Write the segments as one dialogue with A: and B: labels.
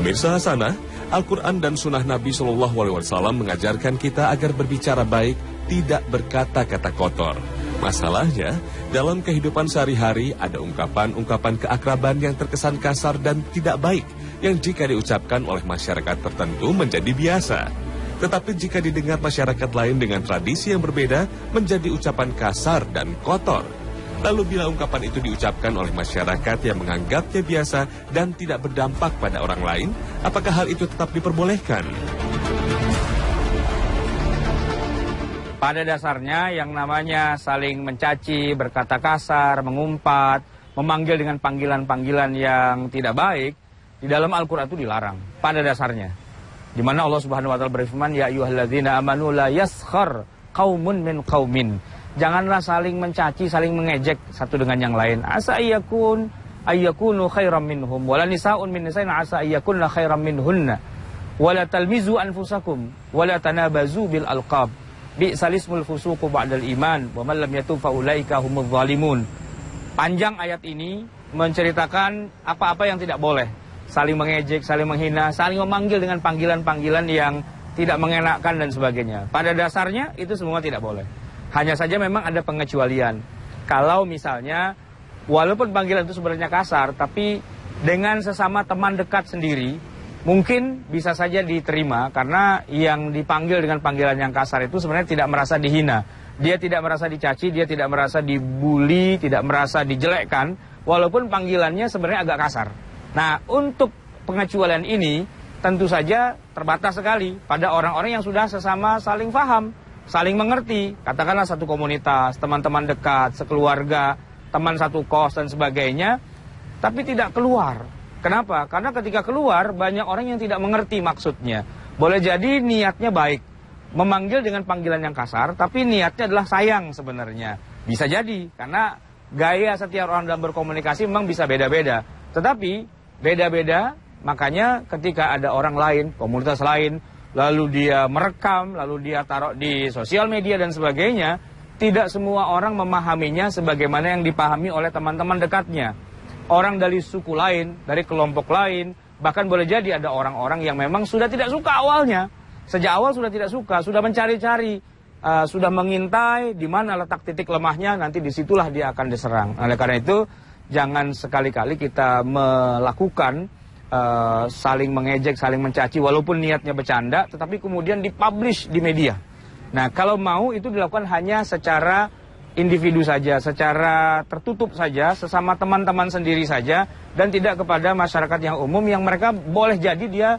A: Pemirsa Hasanah, Al-Quran dan Sunnah Nabi Shallallahu Alaihi Wasallam mengajarkan kita agar berbicara baik, tidak berkata-kata kotor. Masalahnya, dalam kehidupan sehari-hari ada ungkapan-ungkapan keakraban yang terkesan kasar dan tidak baik, yang jika diucapkan oleh masyarakat tertentu menjadi biasa. Tetapi jika didengar masyarakat lain dengan tradisi yang berbeda, menjadi ucapan kasar dan kotor. Lalu bila ungkapan itu diucapkan oleh masyarakat yang menganggapnya biasa dan tidak berdampak pada orang lain, apakah hal itu tetap diperbolehkan? Pada dasarnya yang
B: namanya saling mencaci, berkata kasar, mengumpat, memanggil dengan panggilan-panggilan yang tidak baik, di dalam Al-Quran itu dilarang pada dasarnya. Di mana Allah Subhanahu wa taala berfirman, "Ya ayyuhalladzina amanu la yaskhar qaumun min qaumin." Janganlah saling mencaci, saling mengejek satu dengan yang lain. Asa iyakun ayyakunu khairam minhum wala nisaun min nisain asa lah khairam minhunna wala talmizu anfusakum wala tanabazu bil alqab salismul fusuku ba'dal iman wa man lam faulaika humul zalimun panjang ayat ini menceritakan apa-apa yang tidak boleh saling mengejek, saling menghina, saling memanggil dengan panggilan-panggilan yang tidak mengenakkan dan sebagainya. Pada dasarnya itu semua tidak boleh. Hanya saja memang ada pengecualian. Kalau misalnya, walaupun panggilan itu sebenarnya kasar, tapi dengan sesama teman dekat sendiri, mungkin bisa saja diterima karena yang dipanggil dengan panggilan yang kasar itu sebenarnya tidak merasa dihina. Dia tidak merasa dicaci, dia tidak merasa dibully, tidak merasa dijelekkan, walaupun panggilannya sebenarnya agak kasar. Nah, untuk pengecualian ini tentu saja terbatas sekali pada orang-orang yang sudah sesama saling faham saling mengerti. Katakanlah satu komunitas, teman-teman dekat, sekeluarga, teman satu kos dan sebagainya, tapi tidak keluar. Kenapa? Karena ketika keluar banyak orang yang tidak mengerti maksudnya. Boleh jadi niatnya baik, memanggil dengan panggilan yang kasar, tapi niatnya adalah sayang sebenarnya. Bisa jadi, karena gaya setiap orang dalam berkomunikasi memang bisa beda-beda. Tetapi beda-beda, makanya ketika ada orang lain, komunitas lain, lalu dia merekam, lalu dia taruh di sosial media dan sebagainya, tidak semua orang memahaminya sebagaimana yang dipahami oleh teman-teman dekatnya. Orang dari suku lain, dari kelompok lain, bahkan boleh jadi ada orang-orang yang memang sudah tidak suka awalnya. Sejak awal sudah tidak suka, sudah mencari-cari, uh, sudah mengintai di mana letak titik lemahnya, nanti disitulah dia akan diserang. Oleh karena itu, jangan sekali-kali kita melakukan uh, saling mengejek, saling mencaci, walaupun niatnya bercanda, tetapi kemudian dipublish di media. Nah, kalau mau itu dilakukan hanya secara individu saja, secara tertutup saja, sesama teman-teman sendiri saja, dan tidak kepada masyarakat yang umum yang mereka boleh jadi dia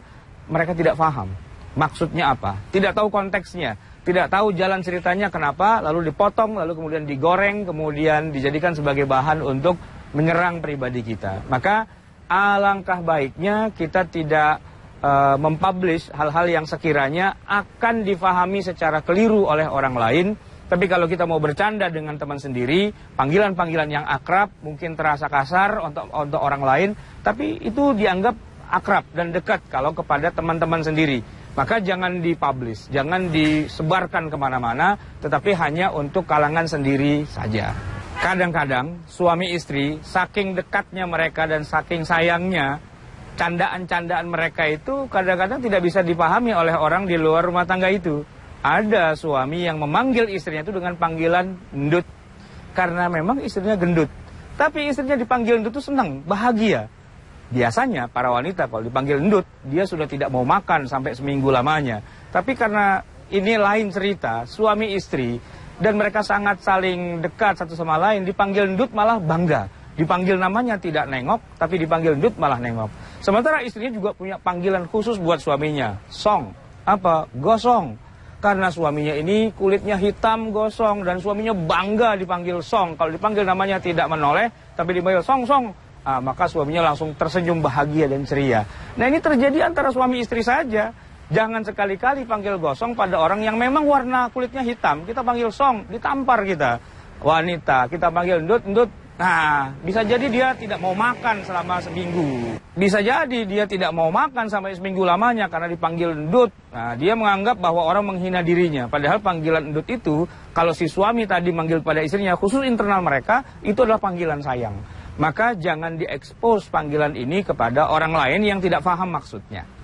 B: mereka tidak paham maksudnya apa, tidak tahu konteksnya, tidak tahu jalan ceritanya kenapa, lalu dipotong, lalu kemudian digoreng, kemudian dijadikan sebagai bahan untuk menyerang pribadi kita. Maka alangkah baiknya kita tidak uh, mempublish hal-hal yang sekiranya akan difahami secara keliru oleh orang lain. Tapi kalau kita mau bercanda dengan teman sendiri, panggilan-panggilan yang akrab mungkin terasa kasar untuk untuk orang lain, tapi itu dianggap akrab dan dekat kalau kepada teman-teman sendiri. Maka jangan dipublish, jangan disebarkan kemana-mana, tetapi hanya untuk kalangan sendiri saja. Kadang-kadang suami istri saking dekatnya mereka dan saking sayangnya candaan-candaan mereka itu kadang-kadang tidak bisa dipahami oleh orang di luar rumah tangga itu. Ada suami yang memanggil istrinya itu dengan panggilan gendut karena memang istrinya gendut. Tapi istrinya dipanggil gendut itu senang, bahagia. Biasanya para wanita kalau dipanggil gendut dia sudah tidak mau makan sampai seminggu lamanya. Tapi karena ini lain cerita, suami istri dan mereka sangat saling dekat satu sama lain. Dipanggil Ndut malah bangga. Dipanggil namanya tidak nengok, tapi dipanggil Ndut malah nengok. Sementara istrinya juga punya panggilan khusus buat suaminya. Song, apa? Gosong. Karena suaminya ini kulitnya hitam gosong dan suaminya bangga dipanggil Song. Kalau dipanggil namanya tidak menoleh, tapi dipanggil Song Song, ah, maka suaminya langsung tersenyum bahagia dan ceria. Nah ini terjadi antara suami istri saja. Jangan sekali-kali panggil gosong pada orang yang memang warna kulitnya hitam. Kita panggil song, ditampar kita. Wanita, kita panggil ndut, ndut. Nah, bisa jadi dia tidak mau makan selama seminggu. Bisa jadi dia tidak mau makan sampai seminggu lamanya karena dipanggil ndut. Nah, dia menganggap bahwa orang menghina dirinya. Padahal panggilan ndut itu, kalau si suami tadi manggil pada istrinya, khusus internal mereka, itu adalah panggilan sayang. Maka jangan diekspos panggilan ini kepada orang lain yang tidak paham maksudnya.